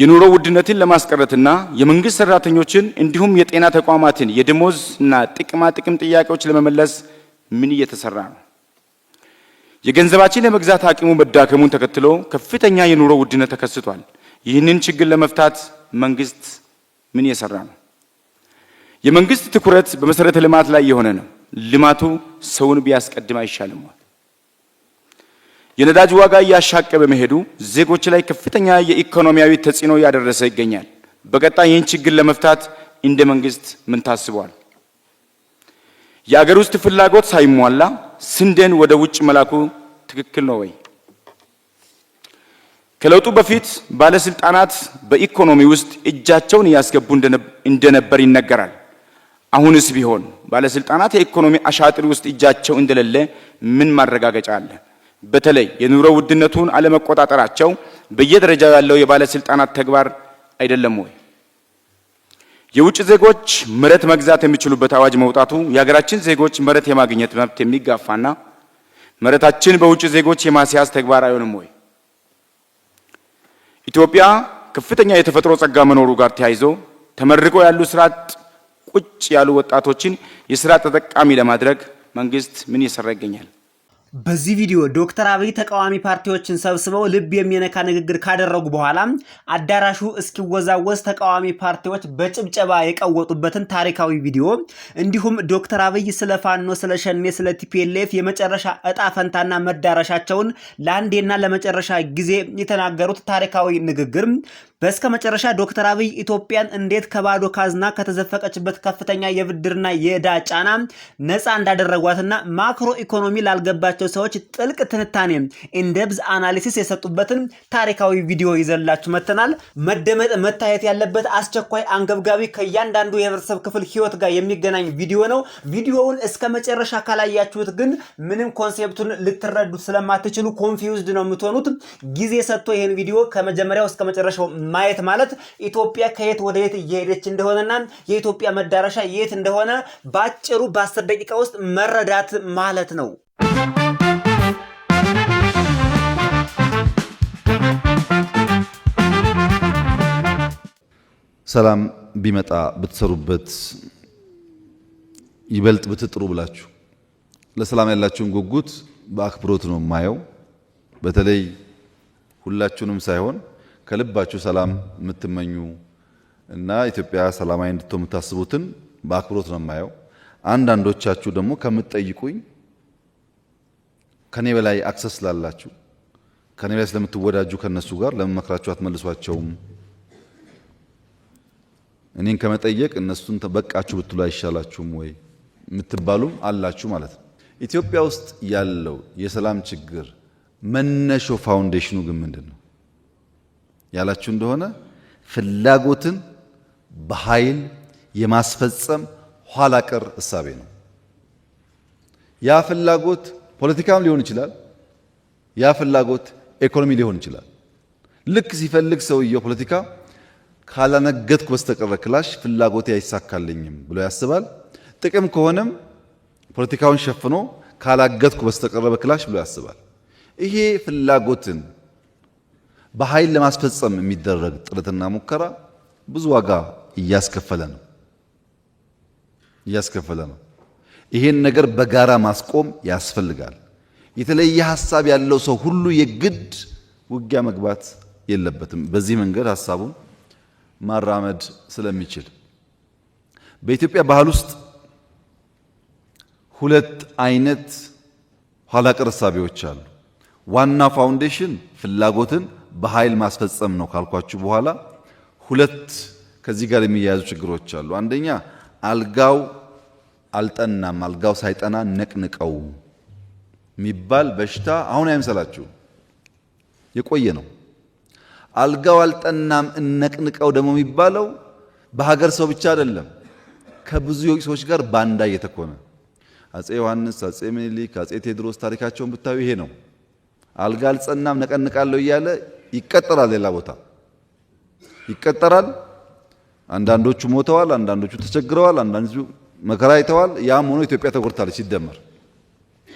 የኑሮ ውድነትን ለማስቀረትና የመንግስት ሰራተኞችን እንዲሁም የጤና ተቋማትን የደሞዝ እና ጥቅማ ጥቅም ጥያቄዎች ለመመለስ ምን እየተሰራ ነው? የገንዘባችን ለመግዛት አቅሙ መዳከሙን ተከትሎ ከፍተኛ የኑሮ ውድነት ተከስቷል። ይህንን ችግር ለመፍታት መንግስት ምን እየሰራ ነው? የመንግስት ትኩረት በመሰረተ ልማት ላይ የሆነ ነው። ልማቱ ሰውን ቢያስቀድም አይሻልም? የነዳጅ ዋጋ እያሻቀ በመሄዱ ዜጎች ላይ ከፍተኛ የኢኮኖሚያዊ ተጽዕኖ እያደረሰ ይገኛል። በቀጣይ ይህን ችግር ለመፍታት እንደ መንግስት ምን ታስቧል? የአገር ውስጥ ፍላጎት ሳይሟላ ስንዴን ወደ ውጭ መላኩ ትክክል ነው ወይ? ከለውጡ በፊት ባለስልጣናት በኢኮኖሚ ውስጥ እጃቸውን እያስገቡ እንደነበር ይነገራል። አሁንስ ቢሆን ባለስልጣናት የኢኮኖሚ አሻጥር ውስጥ እጃቸው እንደሌለ ምን ማረጋገጫ አለ? በተለይ የኑሮ ውድነቱን አለመቆጣጠራቸው በየደረጃው ያለው የባለስልጣናት ተግባር አይደለም ወይ? የውጭ ዜጎች መሬት መግዛት የሚችሉበት አዋጅ መውጣቱ የሀገራችን ዜጎች መሬት የማግኘት መብት የሚጋፋና መሬታችን በውጭ ዜጎች የማስያዝ ተግባር አይሆንም ወይ? ኢትዮጵያ ከፍተኛ የተፈጥሮ ጸጋ መኖሩ ጋር ተያይዞ ተመርቆ ያሉ ስራ አጥ ቁጭ ያሉ ወጣቶችን የስራ ተጠቃሚ ለማድረግ መንግስት ምን እየሰራ ይገኛል? በዚህ ቪዲዮ ዶክተር አብይ ተቃዋሚ ፓርቲዎችን ሰብስበው ልብ የሚነካ ንግግር ካደረጉ በኋላ አዳራሹ እስኪወዛወዝ ተቃዋሚ ፓርቲዎች በጭብጨባ የቀወጡበትን ታሪካዊ ቪዲዮ እንዲሁም ዶክተር አብይ ስለ ፋኖ፣ ስለ ሸኔ፣ ስለ ቲፒኤልኤፍ የመጨረሻ እጣ ፈንታና መዳረሻቸውን ለአንዴና ለመጨረሻ ጊዜ የተናገሩት ታሪካዊ ንግግር በስከ መጨረሻ ዶክተር አብይ ኢትዮጵያን እንዴት ከባዶ ካዝና ከተዘፈቀችበት ከፍተኛ የብድርና የዕዳ ጫና ነፃ እንዳደረጓትና ማክሮ ኢኮኖሚ ላልገባቸው ሰዎች ጥልቅ ትንታኔ ኢንደብዝ አናሊሲስ የሰጡበትን ታሪካዊ ቪዲዮ ይዘላችሁ መተናል። መደመጥ መታየት ያለበት አስቸኳይ፣ አንገብጋቢ ከእያንዳንዱ የህብረተሰብ ክፍል ህይወት ጋር የሚገናኝ ቪዲዮ ነው። ቪዲዮውን እስከ መጨረሻ ካላያችሁት ግን ምንም ኮንሴፕቱን ልትረዱት ስለማትችሉ ኮንፊውዝድ ነው የምትሆኑት። ጊዜ ሰጥቶ ይህን ቪዲዮ ከመጀመሪያው እስከ መጨረሻው ማየት ማለት ኢትዮጵያ ከየት ወደ የት እየሄደች እንደሆነና የኢትዮጵያ መዳረሻ የት እንደሆነ በአጭሩ በአስር ደቂቃ ውስጥ መረዳት ማለት ነው። ሰላም ቢመጣ ብትሰሩበት ይበልጥ ብትጥሩ ብላችሁ ለሰላም ያላችሁን ጉጉት በአክብሮት ነው የማየው። በተለይ ሁላችሁንም ሳይሆን ከልባችሁ ሰላም የምትመኙ እና ኢትዮጵያ ሰላማዊ እንድትሆን የምታስቡትን በአክብሮት ነው የማየው። አንዳንዶቻችሁ ደግሞ ከምትጠይቁኝ ከኔ በላይ አክሰስ ስላላችሁ ከኔ በላይ ስለምትወዳጁ ከነሱ ጋር ለመመክራችሁ አትመልሷቸውም? እኔን ከመጠየቅ እነሱን በቃችሁ ብትሉ አይሻላችሁም ወይ የምትባሉም አላችሁ ማለት ነው። ኢትዮጵያ ውስጥ ያለው የሰላም ችግር መነሾ ፋውንዴሽኑ ግን ምንድን ነው? ያላችሁ እንደሆነ ፍላጎትን በኃይል የማስፈጸም ኋላ ቀር እሳቤ ነው። ያ ፍላጎት ፖለቲካም ሊሆን ይችላል። ያ ፍላጎት ኢኮኖሚ ሊሆን ይችላል። ልክ ሲፈልግ ሰውየው ፖለቲካ ካላነገትኩ በስተቀረ ክላሽ ፍላጎቴ አይሳካልኝም ብሎ ያስባል። ጥቅም ከሆነም ፖለቲካውን ሸፍኖ ካላገትኩ በስተቀረ በክላሽ ብሎ ያስባል። ይሄ ፍላጎትን በኃይል ለማስፈጸም የሚደረግ ጥረትና ሙከራ ብዙ ዋጋ እያስከፈለ ነው እያስከፈለ ነው። ይሄን ነገር በጋራ ማስቆም ያስፈልጋል። የተለየ ሀሳብ ያለው ሰው ሁሉ የግድ ውጊያ መግባት የለበትም። በዚህ መንገድ ሀሳቡን ማራመድ ስለሚችል በኢትዮጵያ ባህል ውስጥ ሁለት አይነት ኋላ ቀር አሉ። ዋና ፋውንዴሽን ፍላጎትን በኃይል ማስፈጸም ነው ካልኳችሁ በኋላ ሁለት ከዚህ ጋር የሚያያዙ ችግሮች አሉ። አንደኛ አልጋው አልጠናም፣ አልጋው ሳይጠና ነቅንቀው የሚባል በሽታ አሁን አይምሰላችሁ፣ የቆየ ነው። አልጋው አልጠናም እነቅንቀው ደግሞ የሚባለው በሀገር ሰው ብቻ አይደለም፣ ከብዙ የውጭ ሰዎች ጋር ባንዳ እየተኮነ አጼ ዮሐንስ፣ አጼ ምኒልክ፣ አጼ ቴዎድሮስ ታሪካቸውን ብታዩ ይሄ ነው። አልጋ አልጸናም ነቀንቃለሁ እያለ ይቀጠራል፣ ሌላ ቦታ ይቀጠራል። አንዳንዶቹ ሞተዋል፣ አንዳንዶቹ ተቸግረዋል፣ አንዳንዶቹ መከራ አይተዋል። ያም ሆኖ ኢትዮጵያ ተጎድታለች ሲደመር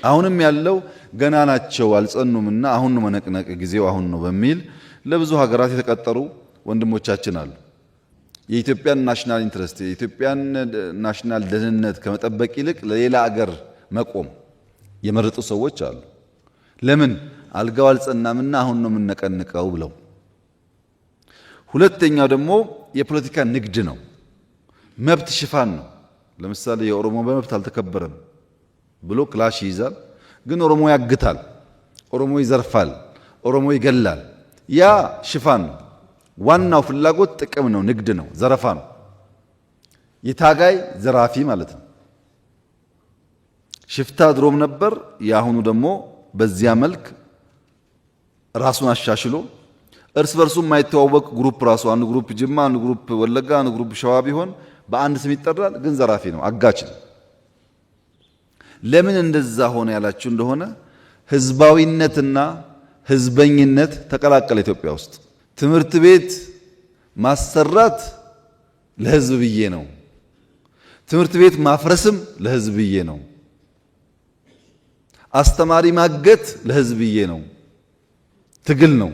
አሁንም ያለው ገና ናቸው አልጸኑምና አሁን ነው መነቅነቅ ጊዜው አሁን ነው በሚል ለብዙ ሀገራት የተቀጠሩ ወንድሞቻችን አሉ። የኢትዮጵያን ናሽናል ኢንትረስት የኢትዮጵያን ናሽናል ደህንነት ከመጠበቅ ይልቅ ለሌላ አገር መቆም የመረጡ ሰዎች አሉ። ለምን አልጋው አልጸናምና አሁን ነው የምነቀንቀው ብለው። ሁለተኛው ደግሞ የፖለቲካ ንግድ ነው፣ መብት ሽፋን ነው። ለምሳሌ የኦሮሞ በመብት አልተከበረም ብሎ ክላሽ ይይዛል፣ ግን ኦሮሞ ያግታል፣ ኦሮሞ ይዘርፋል፣ ኦሮሞ ይገላል። ያ ሽፋን ነው። ዋናው ፍላጎት ጥቅም ነው፣ ንግድ ነው፣ ዘረፋ ነው። የታጋይ ዘራፊ ማለት ነው። ሽፍታ ድሮም ነበር። የአሁኑ ደግሞ በዚያ መልክ ራሱን አሻሽሎ እርስ በርሱ የማይተዋወቅ ግሩፕ ራሱ አንድ ግሩፕ ጅማ፣ አንድ ግሩፕ ወለጋ፣ አንድ ግሩፕ ሸዋ ቢሆን በአንድ ስም ይጠራል፣ ግን ዘራፊ ነው፣ አጋች ነው። ለምን እንደዛ ሆነ ያላችሁ እንደሆነ ህዝባዊነትና ህዝበኝነት ተቀላቀለ። ኢትዮጵያ ውስጥ ትምህርት ቤት ማሰራት ለህዝብ ብዬ ነው። ትምህርት ቤት ማፍረስም ለህዝብ ብዬ ነው። አስተማሪ ማገት ለህዝብ ብዬ ነው። ትግል ነው።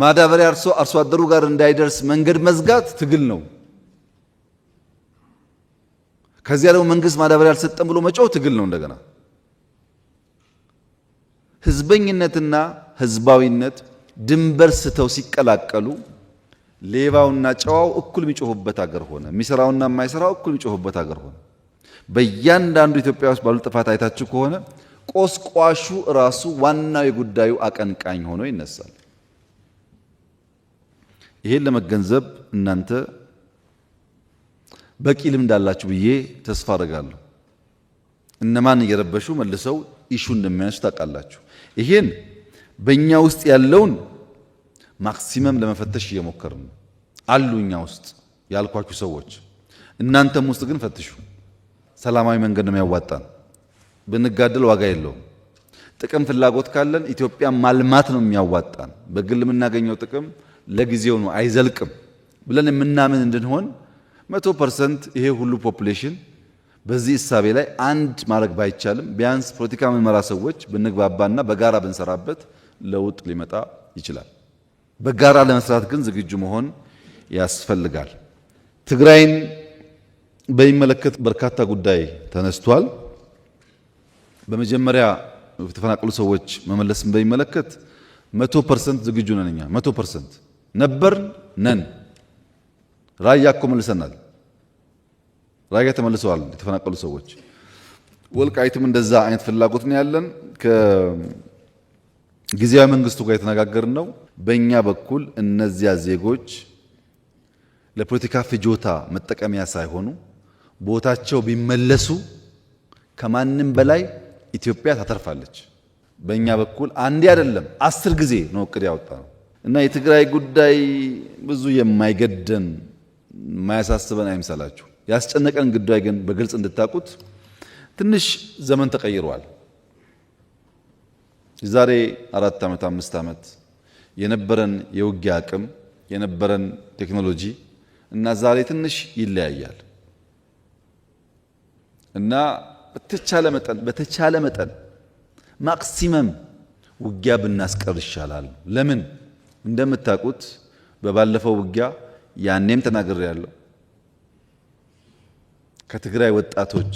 ማዳበሪያ አርሶ አደሩ ጋር እንዳይደርስ መንገድ መዝጋት ትግል ነው። ከዚያ ደግሞ መንግስት ማዳበሪያ አልሰጠም ብሎ መጮህ ትግል ነው። እንደገና ህዝበኝነትና ህዝባዊነት ድንበር ስተው ሲቀላቀሉ ሌባውና ጨዋው እኩል የሚጮሁበት አገር ሆነ። የሚሰራውና የማይሰራው እኩል የሚጮሁበት አገር ሆነ። በእያንዳንዱ ኢትዮጵያ ውስጥ ባሉ ጥፋት አይታችሁ ከሆነ ቆስቋሹ ራሱ ዋናው የጉዳዩ አቀንቃኝ ሆኖ ይነሳል። ይሄን ለመገንዘብ እናንተ በቂ ልምድ አላችሁ ብዬ ተስፋ አደርጋለሁ። እነማን እየረበሹ መልሰው ኢሹ እንደሚያነሱ ታውቃላችሁ። ይሄን በእኛ ውስጥ ያለውን ማክሲመም ለመፈተሽ እየሞከር ነው። አሉ እኛ ውስጥ ያልኳችሁ ሰዎች፣ እናንተም ውስጥ ግን ፈትሹ። ሰላማዊ መንገድ ነው የሚያዋጣን። ብንጋደል ዋጋ የለውም። ጥቅም ፍላጎት ካለን ኢትዮጵያ ማልማት ነው የሚያዋጣን። በግል የምናገኘው ጥቅም ለጊዜው ነው አይዘልቅም ብለን የምናምን እንድንሆን መቶ ፐርሰንት ይሄ ሁሉ ፖፕሌሽን በዚህ እሳቤ ላይ አንድ ማድረግ ባይቻልም ቢያንስ ፖለቲካ መመራ ሰዎች ብንግባባና በጋራ ብንሰራበት ለውጥ ሊመጣ ይችላል። በጋራ ለመስራት ግን ዝግጁ መሆን ያስፈልጋል። ትግራይን በሚመለከት በርካታ ጉዳይ ተነስቷል። በመጀመሪያ የተፈናቀሉ ሰዎች መመለስን በሚመለከት መቶ ፐርሰንት ዝግጁ ነን። እኛ መቶ ፐርሰንት ነበር ነን። ራያ እኮ መልሰናል። ራያ ተመልሰዋል የተፈናቀሉ ሰዎች። ወልቃይትም እንደዛ አይነት ፍላጎት ነው ያለን። ከጊዜያዊ መንግስቱ ጋር የተነጋገርን ነው። በእኛ በኩል እነዚያ ዜጎች ለፖለቲካ ፍጆታ መጠቀሚያ ሳይሆኑ ቦታቸው ቢመለሱ ከማንም በላይ ኢትዮጵያ ታተርፋለች። በእኛ በኩል አንዴ አይደለም አስር ጊዜ ነው እቅድ ያወጣ ነው እና የትግራይ ጉዳይ ብዙ የማይገደን የማያሳስበን አይምሰላችሁ። ያስጨነቀን ጉዳይ ግን በግልጽ እንድታውቁት ትንሽ ዘመን ተቀይሯል። የዛሬ አራት ዓመት አምስት ዓመት የነበረን የውጊያ አቅም የነበረን ቴክኖሎጂ እና ዛሬ ትንሽ ይለያያል እና በተቻለ መጠን በተቻለ መጠን ማክሲመም ውጊያ ብናስቀር ይሻላል። ለምን እንደምታውቁት በባለፈው ውጊያ ያኔም ተናግሬ ያለው ከትግራይ ወጣቶች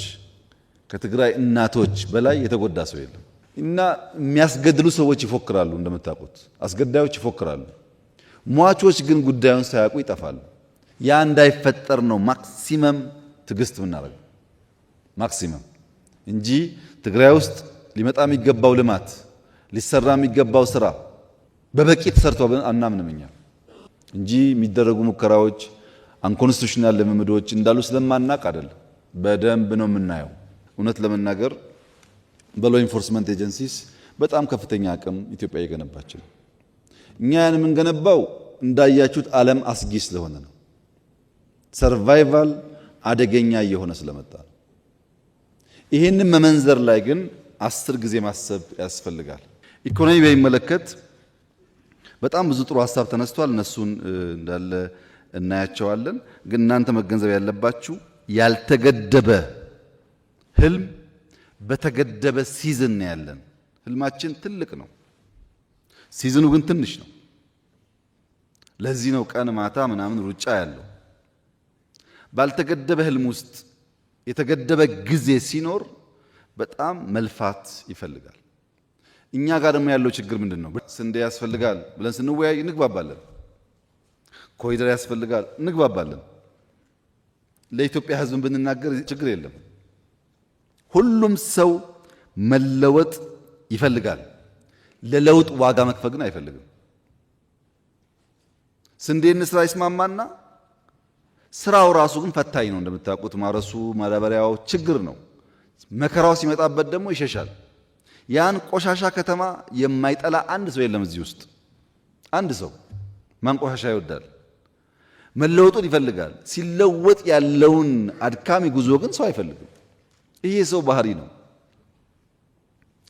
ከትግራይ እናቶች በላይ የተጎዳ ሰው የለም። እና የሚያስገድሉ ሰዎች ይፎክራሉ፣ እንደምታውቁት አስገዳዮች ይፎክራሉ። ሟቾች ግን ጉዳዩን ሳያውቁ ይጠፋሉ። ያ እንዳይፈጠር ነው ማክሲመም ትዕግስት ምናደርገው ማክሲመም እንጂ ትግራይ ውስጥ ሊመጣ የሚገባው ልማት ሊሰራ የሚገባው ስራ በበቂ ተሰርቶ አናምንም እኛ እንጂ የሚደረጉ ሙከራዎች አንኮንስቲቱሽናል ልምምዶች እንዳሉ ስለማናቅ አይደለም። በደንብ ነው የምናየው። እውነት ለመናገር በሎ ኢንፎርስመንት ኤጀንሲስ በጣም ከፍተኛ አቅም ኢትዮጵያ እየገነባች ነው። እኛ ያን የምንገነባው እንዳያችሁት ዓለም አስጊ ስለሆነ ነው። ሰርቫይቫል አደገኛ እየሆነ ስለመጣ ነው። ይህንን መመንዘር ላይ ግን አስር ጊዜ ማሰብ ያስፈልጋል። ኢኮኖሚ በሚመለከት በጣም ብዙ ጥሩ ሀሳብ ተነስቷል። እነሱን እንዳለ እናያቸዋለን። ግን እናንተ መገንዘብ ያለባችሁ ያልተገደበ ህልም በተገደበ ሲዝን ነው ያለን። ህልማችን ትልቅ ነው፣ ሲዝኑ ግን ትንሽ ነው። ለዚህ ነው ቀን ማታ ምናምን ሩጫ ያለው። ባልተገደበ ህልም ውስጥ የተገደበ ጊዜ ሲኖር በጣም መልፋት ይፈልጋል። እኛ ጋር ደግሞ ያለው ችግር ምንድን ነው? ስንዴ ያስፈልጋል ብለን ስንወያይ እንግባባለን። ኮሪደር ያስፈልጋል እንግባባለን። ለኢትዮጵያ ሕዝብ ብንናገር ችግር የለም። ሁሉም ሰው መለወጥ ይፈልጋል። ለለውጥ ዋጋ መክፈል ግን አይፈልግም። ስንዴ እንስራ ይስማማና ስራው ራሱ ግን ፈታኝ ነው። እንደምታውቁት ማረሱ፣ ማዳበሪያው ችግር ነው። መከራው ሲመጣበት ደግሞ ይሸሻል። ያን ቆሻሻ ከተማ የማይጠላ አንድ ሰው የለም እዚህ ውስጥ። አንድ ሰው ማን ቆሻሻ ይወዳል? መለወጡን ይፈልጋል። ሲለወጥ ያለውን አድካሚ ጉዞ ግን ሰው አይፈልግም። ይሄ ሰው ባህሪ ነው።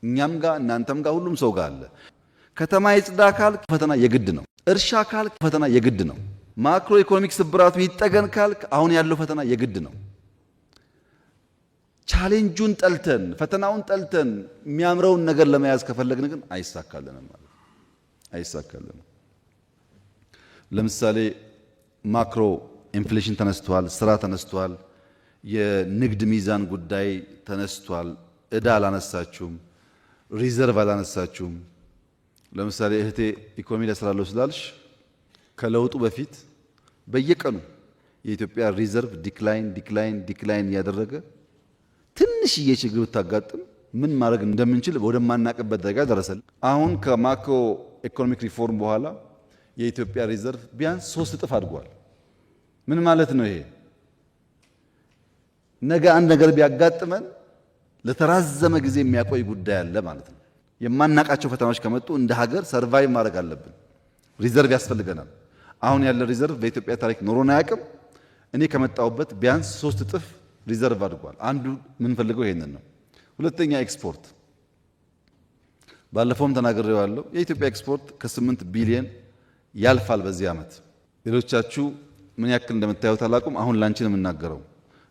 እኛም ጋር እናንተም ጋር ሁሉም ሰው ጋር አለ። ከተማ የጽዳ ካልክ ፈተና የግድ ነው። እርሻ ካልክ ፈተና የግድ ነው። ማክሮ ኢኮኖሚክ ስብራቱ ይጠገን ካልክ አሁን ያለው ፈተና የግድ ነው። ቻሌንጁን ጠልተን ፈተናውን ጠልተን የሚያምረውን ነገር ለመያዝ ከፈለግን ግን አይሳካልንም ማለት አይሳካልንም። ለምሳሌ ማክሮ ኢንፍሌሽን ተነስቷል፣ ስራ ተነስቷል፣ የንግድ ሚዛን ጉዳይ ተነስቷል። እዳ አላነሳችሁም፣ ሪዘርቭ አላነሳችሁም። ለምሳሌ እህቴ ኢኮኖሚ ላይ ስላለው ስላልሽ ከለውጡ በፊት በየቀኑ የኢትዮጵያ ሪዘርቭ ዲክላይን ዲክላይን ዲክላይን እያደረገ ትንሽዬ ችግር ብታጋጥም ምን ማድረግ እንደምንችል ወደማናቅበት ደረጃ ደረሰል። አሁን ከማክሮ ኢኮኖሚክ ሪፎርም በኋላ የኢትዮጵያ ሪዘርቭ ቢያንስ ሶስት እጥፍ አድጓል። ምን ማለት ነው ይሄ? ነገ አንድ ነገር ቢያጋጥመን ለተራዘመ ጊዜ የሚያቆይ ጉዳይ አለ ማለት ነው። የማናቃቸው ፈተናዎች ከመጡ እንደ ሀገር ሰርቫይቭ ማድረግ አለብን። ሪዘርቭ ያስፈልገናል። አሁን ያለ ሪዘርቭ በኢትዮጵያ ታሪክ ኖሮን አያውቅም። እኔ ከመጣሁበት ቢያንስ ሶስት እጥፍ ሪዘርቭ አድጓል። አንዱ የምንፈልገው ይሄንን ነው። ሁለተኛ ኤክስፖርት፣ ባለፈውም ተናግሬዋለሁ። የኢትዮጵያ ኤክስፖርት ከስምንት ቢሊየን ያልፋል በዚህ ዓመት። ሌሎቻችሁ ምን ያክል እንደምታዩት አላውቅም። አሁን ላንቺ ነው የምናገረው።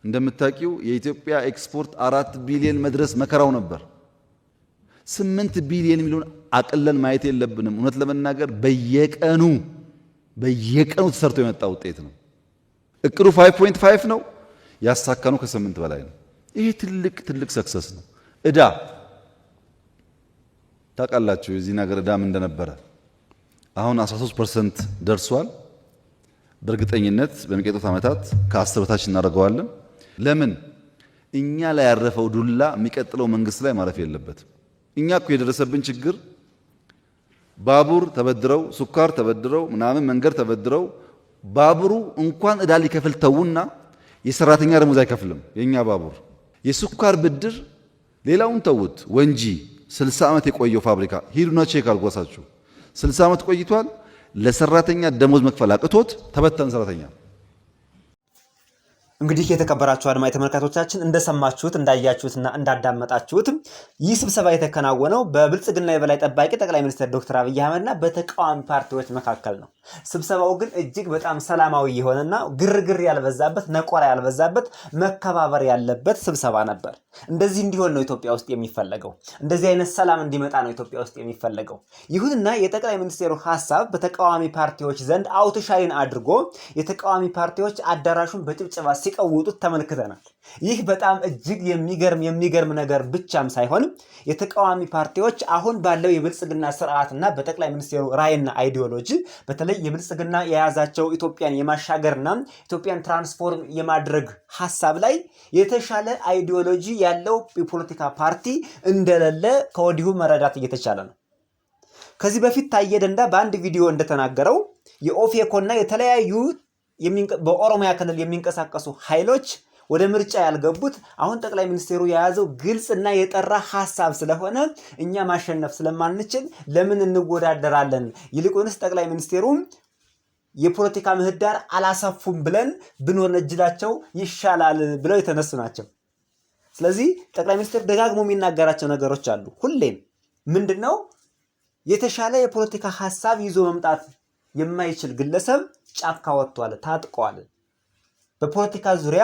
እንደምታውቂው የኢትዮጵያ ኤክስፖርት አራት ቢሊየን መድረስ መከራው ነበር። ስምንት ቢሊየን የሚለውን አቅለን ማየት የለብንም። እውነት ለመናገር በየቀኑ በየቀኑ ተሰርቶ የመጣ ውጤት ነው። እቅዱ 5.5 ነው ያሳካነው ከስምንት በላይ ነው። ይሄ ትልቅ ትልቅ ሰክሰስ ነው። እዳ ታውቃላችሁ፣ የዚህ ነገር እዳም እንደነበረ አሁን 13 ፐርሰንት ደርሷል። በእርግጠኝነት በሚቀጥሉት ዓመታት ከአስር በታች እናደርገዋለን። ለምን እኛ ላይ ያረፈው ዱላ የሚቀጥለው መንግስት ላይ ማረፍ የለበትም። እኛ እኮ የደረሰብን ችግር ባቡር ተበድረው ሱካር ተበድረው ምናምን መንገድ ተበድረው ባቡሩ እንኳን እዳ ሊከፍል ተውና የሰራተኛ ደሞዝ አይከፍልም። የእኛ ባቡር የስኳር ብድር ሌላውን ተውት። ወንጂ 60 ዓመት የቆየው ፋብሪካ ሂዱና ቼክ አልጓሳችሁ 60 ዓመት ቆይቷል። ለሰራተኛ ደሞዝ መክፈል አቅቶት ተበተን ሰራተኛ እንግዲህ የተከበራችሁ አድማጭ ተመልካቶቻችን እንደሰማችሁት እንዳያችሁትና እንዳዳመጣችሁት ይህ ስብሰባ የተከናወነው በብልጽግና የበላይ ጠባቂ ጠቅላይ ሚኒስትር ዶክተር አብይ አህመድና በተቃዋሚ ፓርቲዎች መካከል ነው። ስብሰባው ግን እጅግ በጣም ሰላማዊ የሆነና ግርግር ያልበዛበት፣ ነቆራ ያልበዛበት፣ መከባበር ያለበት ስብሰባ ነበር። እንደዚህ እንዲሆን ነው ኢትዮጵያ ውስጥ የሚፈለገው። እንደዚህ አይነት ሰላም እንዲመጣ ነው ኢትዮጵያ ውስጥ የሚፈለገው። ይሁንና የጠቅላይ ሚኒስትሩ ሀሳብ በተቃዋሚ ፓርቲዎች ዘንድ አውትሻይን አድርጎ የተቃዋሚ ፓርቲዎች አዳራሹን በጭብጭባ ሲቀውጡት ተመልክተናል። ይህ በጣም እጅግ የሚገርም የሚገርም ነገር ብቻም ሳይሆንም የተቃዋሚ ፓርቲዎች አሁን ባለው የብልጽግና ስርዓትና በጠቅላይ ሚኒስትሩ ራዕይና አይዲዮሎጂ በተለይ የብልጽግና የያዛቸው ኢትዮጵያን የማሻገርና ኢትዮጵያን ትራንስፎርም የማድረግ ሀሳብ ላይ የተሻለ አይዲዮሎጂ ያለው የፖለቲካ ፓርቲ እንደሌለ ከወዲሁ መረዳት እየተቻለ ነው። ከዚህ በፊት ታየ ደንዳ በአንድ ቪዲዮ እንደተናገረው የኦፌኮና የተለያዩ በኦሮሚያ ክልል የሚንቀሳቀሱ ኃይሎች ወደ ምርጫ ያልገቡት አሁን ጠቅላይ ሚኒስትሩ የያዘው ግልጽና የጠራ ሀሳብ ስለሆነ እኛ ማሸነፍ ስለማንችል ለምን እንወዳደራለን? ይልቁንስ ጠቅላይ ሚኒስትሩም የፖለቲካ ምህዳር አላሰፉም ብለን ብንወነጅላቸው ይሻላል ብለው የተነሱ ናቸው። ስለዚህ ጠቅላይ ሚኒስትር ደጋግሞ የሚናገራቸው ነገሮች አሉ። ሁሌም ምንድን ነው የተሻለ የፖለቲካ ሀሳብ ይዞ መምጣት የማይችል ግለሰብ ጫፍ ካወጥቷል፣ ታጥቋል። በፖለቲካ ዙሪያ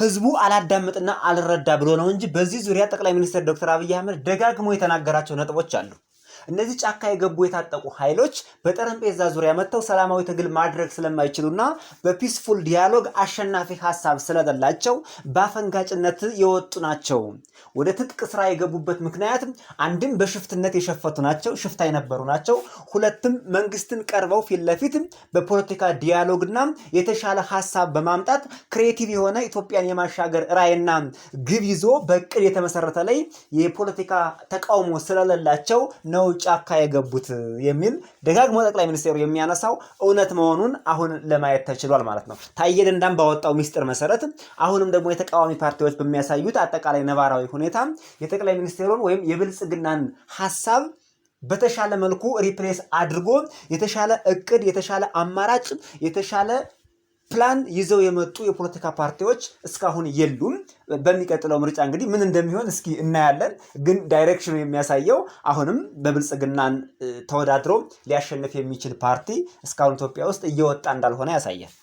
ህዝቡ አላዳምጥና አልረዳ ብሎ ነው እንጂ በዚህ ዙሪያ ጠቅላይ ሚኒስትር ዶክተር አብይ አህመድ ደጋግሞ የተናገራቸው ነጥቦች አሉ። እነዚህ ጫካ የገቡ የታጠቁ ኃይሎች በጠረጴዛ ዙሪያ መጥተው ሰላማዊ ትግል ማድረግ ስለማይችሉና በፒስፉል ዲያሎግ አሸናፊ ሀሳብ ስለሌላቸው በአፈንጋጭነት የወጡ ናቸው። ወደ ትጥቅ ስራ የገቡበት ምክንያት አንድም በሽፍትነት የሸፈቱ ናቸው፣ ሽፍታ የነበሩ ናቸው። ሁለትም መንግስትን ቀርበው ፊት ለፊት በፖለቲካ ዲያሎግና የተሻለ ሀሳብ በማምጣት ክሬቲቭ የሆነ ኢትዮጵያን የማሻገር ራዕይና ግብ ይዞ በቅድ የተመሰረተ ላይ የፖለቲካ ተቃውሞ ስለሌላቸው ነው ጫካ የገቡት የሚል ደጋግሞ ጠቅላይ ሚኒስትሩ የሚያነሳው እውነት መሆኑን አሁን ለማየት ተችሏል ማለት ነው። ታዬ ደንዳም ባወጣው ሚስጥር መሰረት አሁንም ደግሞ የተቃዋሚ ፓርቲዎች በሚያሳዩት አጠቃላይ ነባራዊ ሁኔታ የጠቅላይ ሚኒስትሩን ወይም የብልጽግናን ሀሳብ በተሻለ መልኩ ሪፕሌስ አድርጎ የተሻለ እቅድ፣ የተሻለ አማራጭ፣ የተሻለ ፕላን ይዘው የመጡ የፖለቲካ ፓርቲዎች እስካሁን የሉም። በሚቀጥለው ምርጫ እንግዲህ ምን እንደሚሆን እስኪ እናያለን። ግን ዳይሬክሽኑ የሚያሳየው አሁንም በብልጽግናን ተወዳድሮ ሊያሸንፍ የሚችል ፓርቲ እስካሁን ኢትዮጵያ ውስጥ እየወጣ እንዳልሆነ ያሳያል።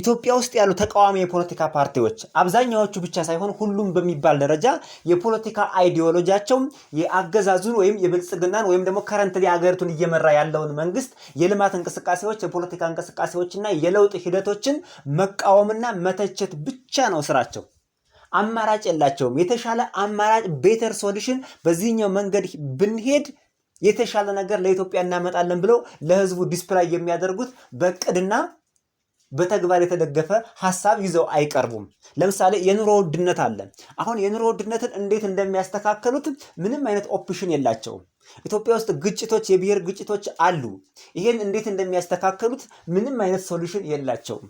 ኢትዮጵያ ውስጥ ያሉ ተቃዋሚ የፖለቲካ ፓርቲዎች አብዛኛዎቹ ብቻ ሳይሆን ሁሉም በሚባል ደረጃ የፖለቲካ አይዲዮሎጂያቸው የአገዛዙን ወይም የብልጽግናን ወይም ደግሞ ከረንት ሀገሪቱን እየመራ ያለውን መንግስት የልማት እንቅስቃሴዎች፣ የፖለቲካ እንቅስቃሴዎችና የለውጥ ሂደቶችን መቃወምና መተቸት ብቻ ነው ስራቸው። አማራጭ የላቸውም። የተሻለ አማራጭ ቤተር ሶሉሽን፣ በዚህኛው መንገድ ብንሄድ የተሻለ ነገር ለኢትዮጵያ እናመጣለን ብለው ለህዝቡ ዲስፕላይ የሚያደርጉት በቅድና። በተግባር የተደገፈ ሀሳብ ይዘው አይቀርቡም። ለምሳሌ የኑሮ ውድነት አለ። አሁን የኑሮ ውድነትን እንዴት እንደሚያስተካከሉት ምንም አይነት ኦፕሽን የላቸውም። ኢትዮጵያ ውስጥ ግጭቶች፣ የብሔር ግጭቶች አሉ። ይሄን እንዴት እንደሚያስተካከሉት ምንም አይነት ሶሉሽን የላቸውም።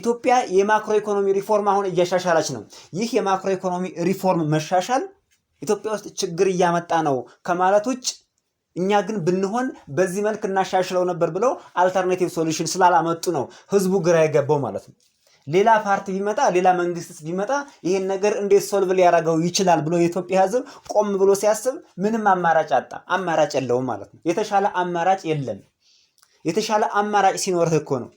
ኢትዮጵያ የማክሮ ኢኮኖሚ ሪፎርም አሁን እያሻሻላች ነው። ይህ የማክሮ ኢኮኖሚ ሪፎርም መሻሻል ኢትዮጵያ ውስጥ ችግር እያመጣ ነው ከማለት ውጭ እኛ ግን ብንሆን በዚህ መልክ እናሻሽለው ነበር ብለው አልተርኔቲቭ ሶሉሽን ስላላመጡ ነው ህዝቡ ግራ የገባው ማለት ነው። ሌላ ፓርቲ ቢመጣ ሌላ መንግስት ቢመጣ ይሄን ነገር እንዴት ሶልቭ ሊያደርገው ይችላል ብሎ የኢትዮጵያ ህዝብ ቆም ብሎ ሲያስብ ምንም አማራጭ አጣ። አማራጭ የለውም ማለት ነው። የተሻለ አማራጭ የለም። የተሻለ አማራጭ ሲኖርህ እኮ ነው